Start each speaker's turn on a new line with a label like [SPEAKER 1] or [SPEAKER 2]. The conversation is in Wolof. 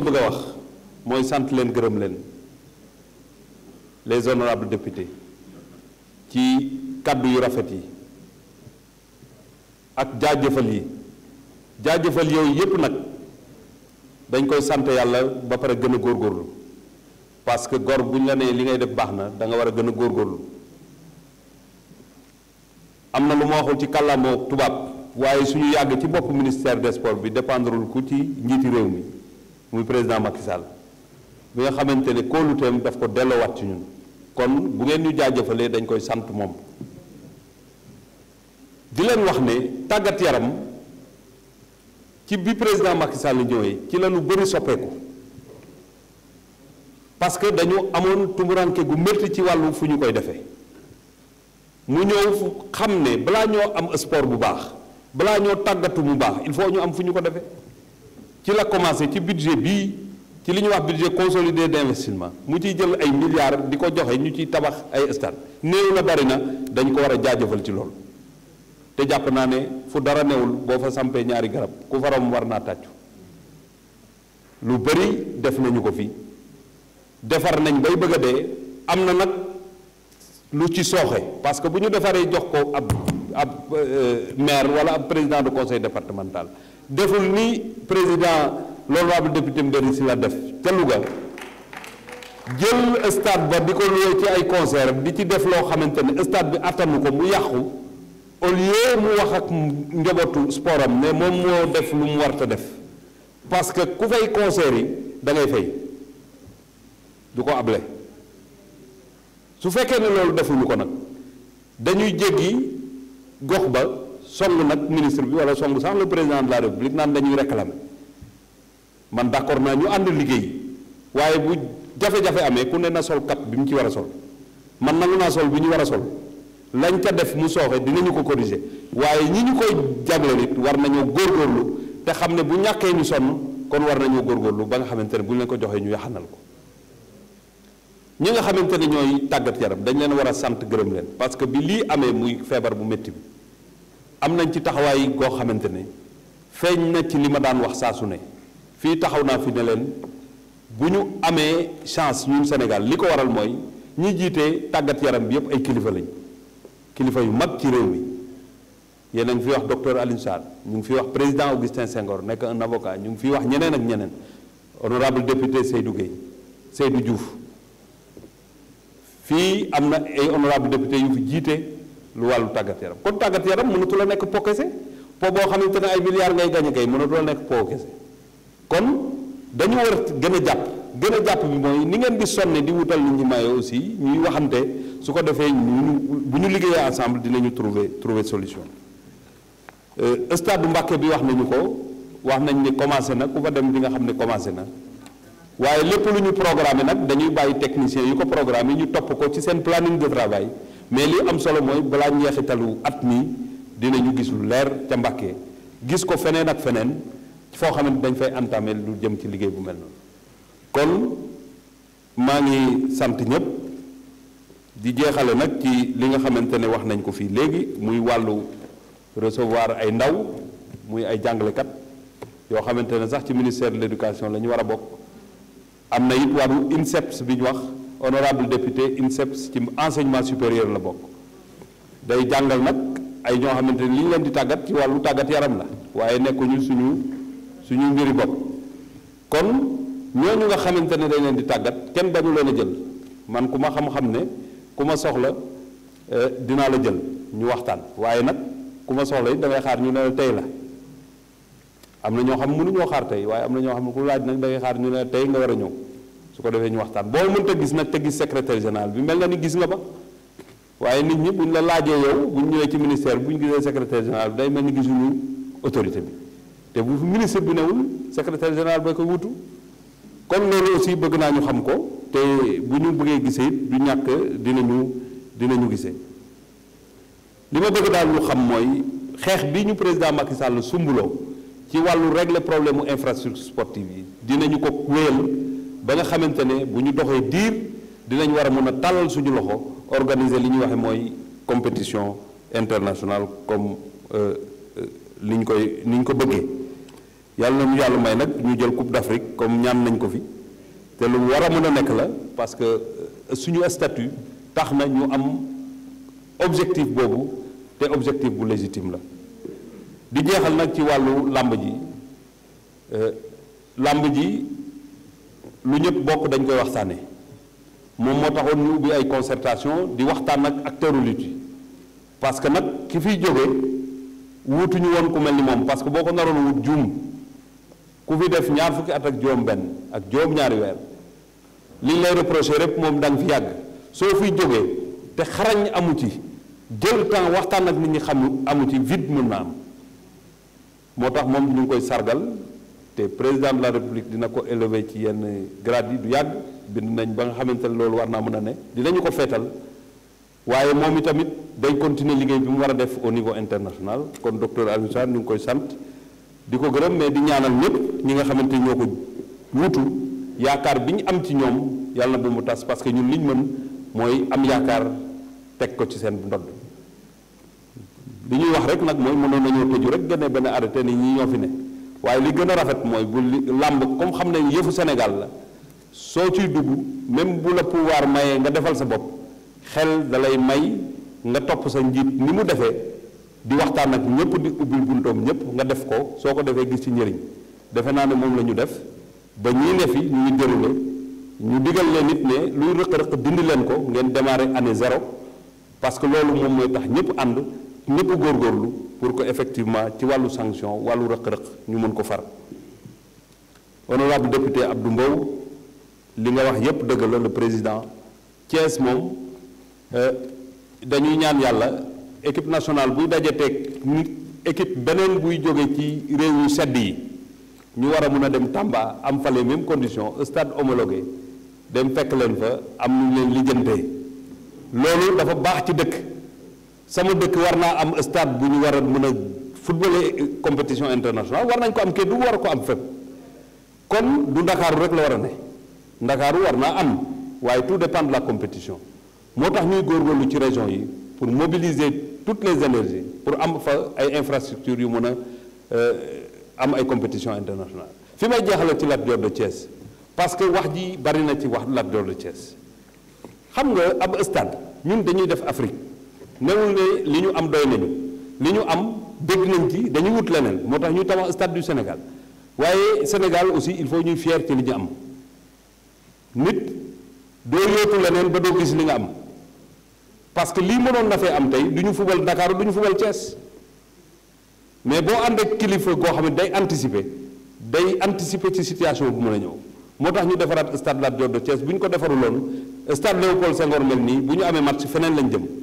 [SPEAKER 1] la bëgg a wax mooy sant leen gërëm leen les honorables députés ci kàddu yu rafet yi ak jaajëfal yi jaajëfal yooyu yépp nag dañ koy sant yàlla ba pare gën a góorgóorlu parce que gor bu ñu la nee li ngay def baax na danga war a gën a góorgóorlu am na lu ma waxul ci kàllaama tubaab waaye suñu yàgg ci bopp ministère des sports bi dépendrul ku ci njiiti réew mi muy président Macky Sall bi nga xamante ne kóoluteem daf ko delloowaat ci ñun kon bu ngeen ñu jaajëfalee dañ koy sant moom di leen wax ne tàggat yaram ci bi président Macky Sall ñëwee ci la lu bëri soppeeku parce que dañu amoon tumuranke gu métti ci wàllu fu ñu koy defee mu ñëw xam ne balaa ñoo am sport bu baax balaa ñoo tàggatu bu baax il faut ñu am fu ñu ko defee ci la commencé ci budget bi ci li ñu wax budget consolidé d'investissement mu ciy jël ay milliards di ko joxe ñu ciy tabax ay stade néew na bari na dañ ko war a jaajëfal ci loolu te jàpp naa ne fu dara newul boo fa sampee ñaari garab ku faram war naa tàccu lu bari def nañu ko fi defar nañ bay bëgg a dee am na nag lu ci sooxe parce que bu ñu defaree jox ko ab ab euh, maire walla ab président de conseil départemental deful ni président l'honorable député Mbéri Sylla def ca Louga jël stade ba di ko loué ci ay concert bi ci def loo xamante ne stade bi attanu ko mu yàqu au lieu mu wax ak njabootu sport am ne moom moo def lu mu warta def parce que ku fay concert yi da ngay fay du ko able su fekkee ne loolu defuñu ko nag dañuy jéggi gox ba song nag ministre bi wala song sax le président de la république naan dañuy réclamer man d'accord naa ñu ànd liggéey waaye bu jafe-jafe amee ku ne na sol cap bi mu ci war a sol man nangu naa sol bi ñu war a sol lañ ca def mu sooxee sooxe dinañu ko corriger waaye ñi ñu koy jagle nit war nañoo góorgóorlu te xam ne bu ñàkkee ñu sonn kon war nañoo góorgóorlu ba nga xamante ne bu ñu leen ko joxee ñu yaxanal ko ñi nga xamante ne ñooy tàggat yaram dañ leen war a sant gërëm leen parce que bi lii amee muy feebar bu métti am nañ ci taxawaay koo xamante ne feeñ na ci li ma daan wax saa su ne fii taxaw naa fi ne leen bu ñu amee chance ñun Sénégal li ko waral mooy ñi jiite tàggat yaram bi yëpp ay kilifa lañ kilifa yu mag ci réew mi yéen a ngi fi wax docteur Alioune Sarr ñu ngi fi wax président Augustin Senghor nekk un ñu ngi fi wax ñeneen ak ñeneen honorable député Seydou Guèye Seydou juuf fii am na ay honorable député yu fi jiite. lu wàllu tàggat yaram kon tàggat yaram mënatu a nekk po kese po boo xamante ne ay milliards ngay gañe kay mënatu la nekk po kese kon dañu gën a jàpp gën a jàpp bi mooy ni ngeen di sonne di wutal nit ñi maye aussi ñuy waxante su ko defee bu ñu liggéeyee ensemble dinañu trouver trouver solution euh, stade Mbàkke bi wax nañu ko wax nañ ni commencé na ku fa dem di nga xam ne commencé na waaye lépp lu ñu programmé nag dañuy bàyyi techniciens yu ko programme yi ñu topp ko ci seen planning de travail mais li am solo mooy balaa njeexitalu at mi dinañu gis lu leer ca Mbàkke gis ko feneen ak feneen foo xamante dañ fay entamé lu jëm ci liggéey bu mel noonu kon maa ngi sant ñëpp di jeexale nag ci li nga xamante ne wax nañ ko fii léegi muy wàllu recevoir ay ndaw muy ay jàngalekat yoo xamante ne sax ci ministère de l'éducation la ñu war a bokk am na it wàllu INSEPS bi ñu wax honorable député INSEPS ci enseignement supérieur la bokk day jàngal nag ay ñoo xamante ni li ñu leen di tàggat ci wàllu tàggat yaram la waaye nekkuñu suñu suñu mbiri bopp kon ñooñu nga xamante ne dañ leen di tàggat kenn bañu leen a jël man ku ma xam-xam ne ku ma soxla euh, dinaa la jël ñu waxtaan waaye nag ku ma soxla it dangay xaar ñu ne la tey la am na ñoo xam mënuñoo xaar tey waaye am na ñoo xam ku laaj nag dangay xaar ñu ne tey nga war a ñëw su ko defee ñu waxtaan boo mënta gis nag te gis secrétaire général bi mel na ni gis nga ma waaye nit ñi ñu la laajee yow buñ ñëwee ci ministère bi buñ gisee secrétaire général bi day mel ni gisuñu autorité bi te bu ministre bi newul secrétaire général ba ko wutu kon loolu aussi bëgg naa ñu xam ko te bu ñu bëggee gisee it du ñàkk dinañu dinañu gisee li ma bëgg daal ñu xam mooy xeex bi ñu président Macky Sall sumbuloo ci wàllu régler problème mu infrastructure sportive yi dinañu ko ba nga xamante ne bu ñu doxee diir dinañ war a mën a tàllal suñu loxo organiser li ñuy waxee mooy compétition international comme li euh, euh, ñu koy ni ñu ko bëggee yàlla na yàlla may nag ñu jël coupe d'Afrique comme ñaan nañ ko fi te lu war a mën a nekk la parce que euh, suñu statut tax na ñu am objectif boobu te objectif bu légitime la di jeexal nag ci wàllu làmb ji làmb ji lu ñëpp bokk dañ koy waxtaane moom moo taxoon ñu ubbi ay concertation di waxtaan ak acteuru lutte yi parce que nag ki fiy jógee wuutuñu woon ku mel ni moom parce que boo ko naroon wut juum ku fi def ñaar fukki at ak juróom benn ak juróom ñaari weer liñ lay reproché rek moom da nga fi yàgg soo fiy jógee te xarañ amu ci jël temps waxtaan ak nit ñi xam amu ci vide mën na am moo tax moom ñu ngi koy sargal te président de la république dina ko élever ci yenn grade yi du yàgg bind nañ ba nga xamante ne loolu war naa mën a ne dinañu ko feetal waaye moom itamit day continuer liggéey bi mu war a def au niveau international kon docteur Alioune Sarr ñu koy sant di ko gërëm mais di ñaanal ñëpp ñi nga xamante ñoo ko wuutu yaakaar bi ñu am ci ñoom yàlla na bu mu tas parce que ñun li ñu mën mooy am yaakaar teg ko ci seen ndodd li ñuy wax rek nag mooy mënoon nañoo tëju rek génne benn arrêté ni ñi ñoo fi waaye li gën a rafet mooy bu làmb comme xam nañ yëfu senegal la soo ciy dugg même bu la pouvoir mayee nga defal sa bopp xel dalay may nga topp sa njiit ni mu defee di waxtaan ak ñëpp di ubbil buntoom ñëpp nga def ko soo ko defee gis ci njëriñ defe naa ne moom la ñu def ba ñuy ne fi ñu ngi déroulé ñu digal leen nit ne luy rëq-rëq dindi leen ko ngeen démarré année zéro parce que loolu moom mooy tax ñëpp ànd ñëpp góorgóorlu pour que effectivement ci wàllu sanction wàllu rëq-rëq ñu mën ko far honorable député du Mbow li nga wax yépp dëgg la le président Thiès moom euh, dañuy ñaan yàlla équipe national buy dajateeg nit équipe beneen buy jóge ci réew yu sedd yi ñu war a mun a dem Tamba am fale les condition conditions stade homologué dem fekk leen fa am nu ñu leen lijjantee loolu dafa baax ci dëkk sama dëkk war naa am stade bu ñu war a mën a footballer compétition internationale war nañ ko am Kédougou war a ko am fépp kon du ndakaaru rek la war a ne ndakaaru war naa am waaye tout dépend de la compétition moo tax ñuy góor góorgóorlu ci région yi pour mobiliser toutes les énergies pour am fa ay infrastructures yu mën a euh, am ay compétition internationale fi may jeexale ci Lat de Thiès parce que wax ji bari na ci wax Lat Dior de Thiès xam nga ab stade ñun dañuy def Afrique newul ne li ñu am doy nañu li ñu am bëgg nañ ci dañuy wut leneen moo tax ñu tabax stade du Sénégal waaye Sénégal aussi il faut ñuy fier ci li ñu am nit doo yootu leneen ba doo gis li nga am parce que lii mënoon na fee am tey du ñu fubal Dakar du ñu fubal Thiès mais boo ànd ak kilifa goo xam ne day anticiper day anticiper ci situation bu mën a ñëw moo tax ñu defaraat stade Lat Dior de Thiès bu ñu ko defaruloon stade Léopold Senghor mel nii bu ñu amee match feneen lañ jëm.